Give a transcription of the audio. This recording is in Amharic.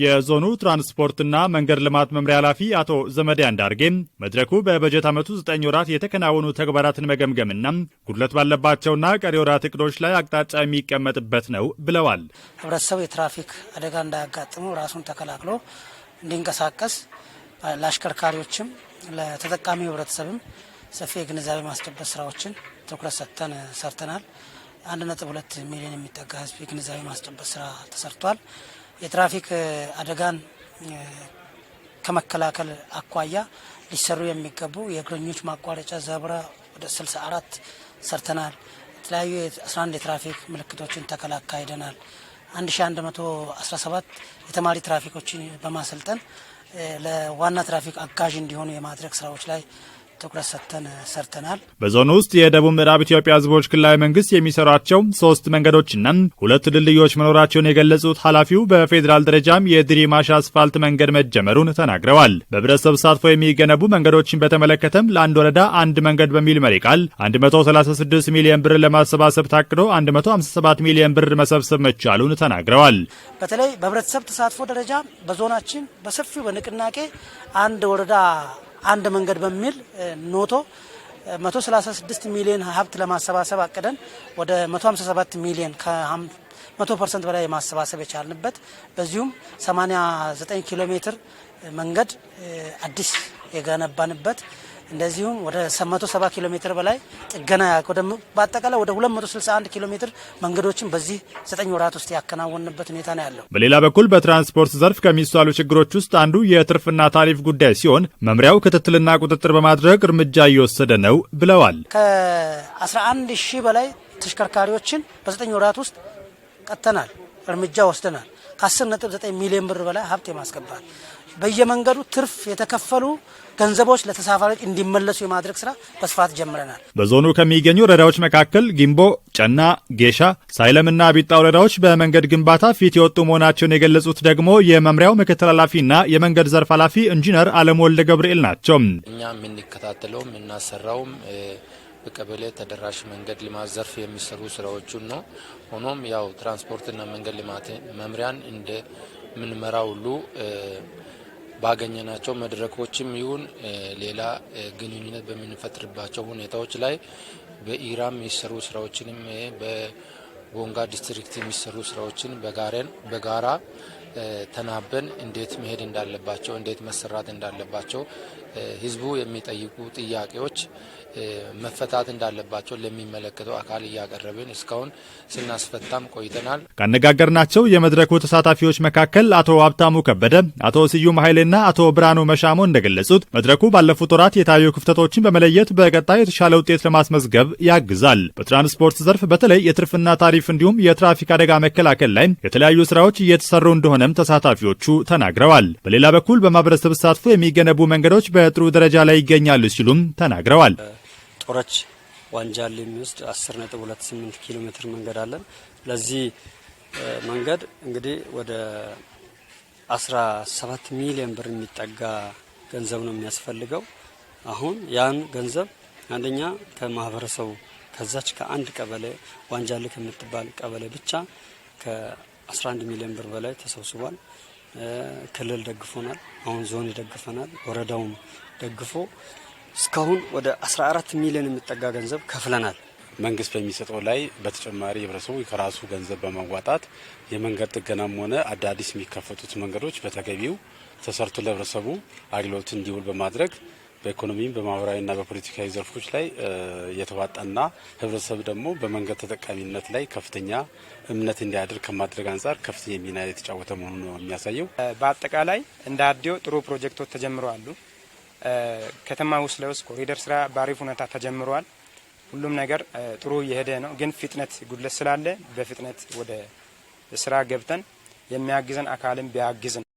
የዞኑ ትራንስፖርትና መንገድ ልማት መምሪያ ኃላፊ አቶ ዘመዴ አንዳርጌ መድረኩ በበጀት ዓመቱ 9 ወራት የተከናወኑ ተግባራትን መገምገምና ጉድለት ባለባቸውና ቀሪ ወራት እቅዶች ላይ አቅጣጫ የሚቀመጥበት ነው ብለዋል። ህብረተሰቡ የትራፊክ አደጋ እንዳያጋጥመው ራሱን ተከላክሎ እንዲንቀሳቀስ ለአሽከርካሪዎችም ለተጠቃሚ ህብረተሰብም ሰፊ የግንዛቤ ማስጨበጥ ስራዎችን ትኩረት ሰጥተን ሰርተናል። አንድ ነጥብ ሁለት ሚሊዮን የሚጠጋ ህዝብ የግንዛቤ ማስጨበጥ ስራ ተሰርቷል። የትራፊክ አደጋን ከመከላከል አኳያ ሊሰሩ የሚገቡ የእግረኞች ማቋረጫ ዘብራ ወደ 64 ሰርተናል። የተለያዩ 11 የትራፊክ ምልክቶችን ተከላ አካሂደናል። 1117 የተማሪ ትራፊኮችን በማሰልጠን ለዋና ትራፊክ አጋዥ እንዲሆኑ የማድረግ ስራዎች ላይ ትኩረት ሰጥተን ሰርተናል። በዞኑ ውስጥ የደቡብ ምዕራብ ኢትዮጵያ ህዝቦች ክልላዊ መንግስት የሚሰሯቸው ሶስት መንገዶችና ሁለት ድልድዮች መኖራቸውን የገለጹት ኃላፊው በፌዴራል ደረጃም የድሪማሽ አስፋልት መንገድ መጀመሩን ተናግረዋል። በህብረተሰብ ተሳትፎ የሚገነቡ መንገዶችን በተመለከተም ለአንድ ወረዳ አንድ መንገድ በሚል መሪ ቃል 136 ሚሊዮን ብር ለማሰባሰብ ታቅዶ 157 ሚሊዮን ብር መሰብሰብ መቻሉን ተናግረዋል። በተለይ በህብረተሰብ ተሳትፎ ደረጃ በዞናችን በሰፊው በንቅናቄ አንድ ወረዳ አንድ መንገድ በሚል ኖቶ 136 ሚሊዮን ሀብት ለማሰባሰብ አቅደን ወደ 157 ሚሊዮን ከ መቶ ፐርሰንት በላይ ማሰባሰብ የቻልንበት በዚሁም 89 ኪሎ ሜትር መንገድ አዲስ የገነባንበት እንደዚሁም ወደ 170 ኪሎ ሜትር በላይ ጥገና በአጠቃላይ ወደ 261 ኪሎ ሜትር መንገዶችን በዚህ 9 ወራት ውስጥ ያከናወንበት ሁኔታ ነው ያለው። በሌላ በኩል በትራንስፖርት ዘርፍ ከሚሳሉ ችግሮች ውስጥ አንዱ የትርፍና ታሪፍ ጉዳይ ሲሆን መምሪያው ክትትልና ቁጥጥር በማድረግ እርምጃ እየወሰደ ነው ብለዋል። ከ11 ሺህ በላይ ተሽከርካሪዎችን በ9 ወራት ውስጥ ቀጥተናል፣ እርምጃ ወስደናል። ከ10.9 ሚሊዮን ብር በላይ ሀብት የማስገባት በየመንገዱ ትርፍ የተከፈሉ ገንዘቦች ለተሳፋሪዎች እንዲመለሱ የማድረግ ስራ በስፋት ጀምረናል። በዞኑ ከሚገኙ ወረዳዎች መካከል ጊምቦ፣ ጨና፣ ጌሻ፣ ሳይለምና ቢጣ ወረዳዎች በመንገድ ግንባታ ፊት የወጡ መሆናቸውን የገለጹት ደግሞ የመምሪያው ምክትል ኃላፊና የመንገድ ዘርፍ ኃላፊ ኢንጂነር አለም ወልደ ገብርኤል ናቸው። እኛ የምንከታተለውም የምናሰራውም በቀበሌ ተደራሽ መንገድ ልማት ዘርፍ የሚሰሩ ስራዎችን ነው። ሆኖም ያው ትራንስፖርትና መንገድ ልማት መምሪያን ምንመራ ሁሉ ባገኘናቸው መድረኮችም ይሁን ሌላ ግንኙነት በምንፈጥርባቸው ሁኔታዎች ላይ በኢራም የሚሰሩ ስራዎችንም ቦንጋ ዲስትሪክት የሚሰሩ ስራዎችን በጋራ ተናበን እንዴት መሄድ እንዳለባቸው እንዴት መሰራት እንዳለባቸው ህዝቡ የሚጠይቁ ጥያቄዎች መፈታት እንዳለባቸው ለሚመለከተው አካል እያቀረብን እስካሁን ስናስፈታም ቆይተናል። ካነጋገርናቸው የመድረኩ ተሳታፊዎች መካከል አቶ ሀብታሙ ከበደ፣ አቶ ስዩም ኃይሌና አቶ ብርሃኑ መሻሞ እንደገለጹት መድረኩ ባለፉት ወራት የታዩ ክፍተቶችን በመለየት በቀጣይ የተሻለ ውጤት ለማስመዝገብ ያግዛል። በትራንስፖርት ዘርፍ በተለይ የትርፍና ታሪፍ ታሪፍ እንዲሁም የትራፊክ አደጋ መከላከል ላይ የተለያዩ ስራዎች እየተሰሩ እንደሆነም ተሳታፊዎቹ ተናግረዋል። በሌላ በኩል በማህበረሰብ ተሳትፎ የሚገነቡ መንገዶች በጥሩ ደረጃ ላይ ይገኛሉ ሲሉም ተናግረዋል። ጦረች ዋንጃል የሚወስድ 10.28 ኪሎ ሜትር መንገድ አለን። ለዚህ መንገድ እንግዲህ ወደ 17 ሚሊዮን ብር የሚጠጋ ገንዘብ ነው የሚያስፈልገው። አሁን ያን ገንዘብ አንደኛ ከማህበረሰቡ ከዛች ከአንድ ቀበሌ ዋንጃሌ ከምትባል ቀበሌ ብቻ ከ11 ሚሊዮን ብር በላይ ተሰብስቧል። ክልል ደግፎናል። አሁን ዞን ይደግፈናል። ወረዳውም ደግፎ እስካሁን ወደ 14 ሚሊዮን የሚጠጋ ገንዘብ ከፍለናል። መንግስት በሚሰጠው ላይ በተጨማሪ ህብረተሰቡ ከራሱ ገንዘብ በማዋጣት የመንገድ ጥገናም ሆነ አዳዲስ የሚከፈቱት መንገዶች በተገቢው ተሰርቶ ለህብረተሰቡ አገልግሎት እንዲውል በማድረግ በኢኮኖሚም በማህበራዊና በፖለቲካዊ ዘርፎች ላይ የተዋጠና ህብረተሰብ ደግሞ በመንገድ ተጠቃሚነት ላይ ከፍተኛ እምነት እንዲያደርግ ከማድረግ አንጻር ከፍተኛ ሚና የተጫወተ መሆኑ ነው የሚያሳየው። በአጠቃላይ እንደ አዲዮ ጥሩ ፕሮጀክቶች ተጀምረዋሉ። ከተማ ውስጥ ለውስጥ ኮሪደር ስራ በአሪፍ ሁኔታ ተጀምረዋል። ሁሉም ነገር ጥሩ እየሄደ ነው። ግን ፍጥነት ጉድለት ስላለ በፍጥነት ወደ ስራ ገብተን የሚያግዘን አካልም ቢያግዝ ነው።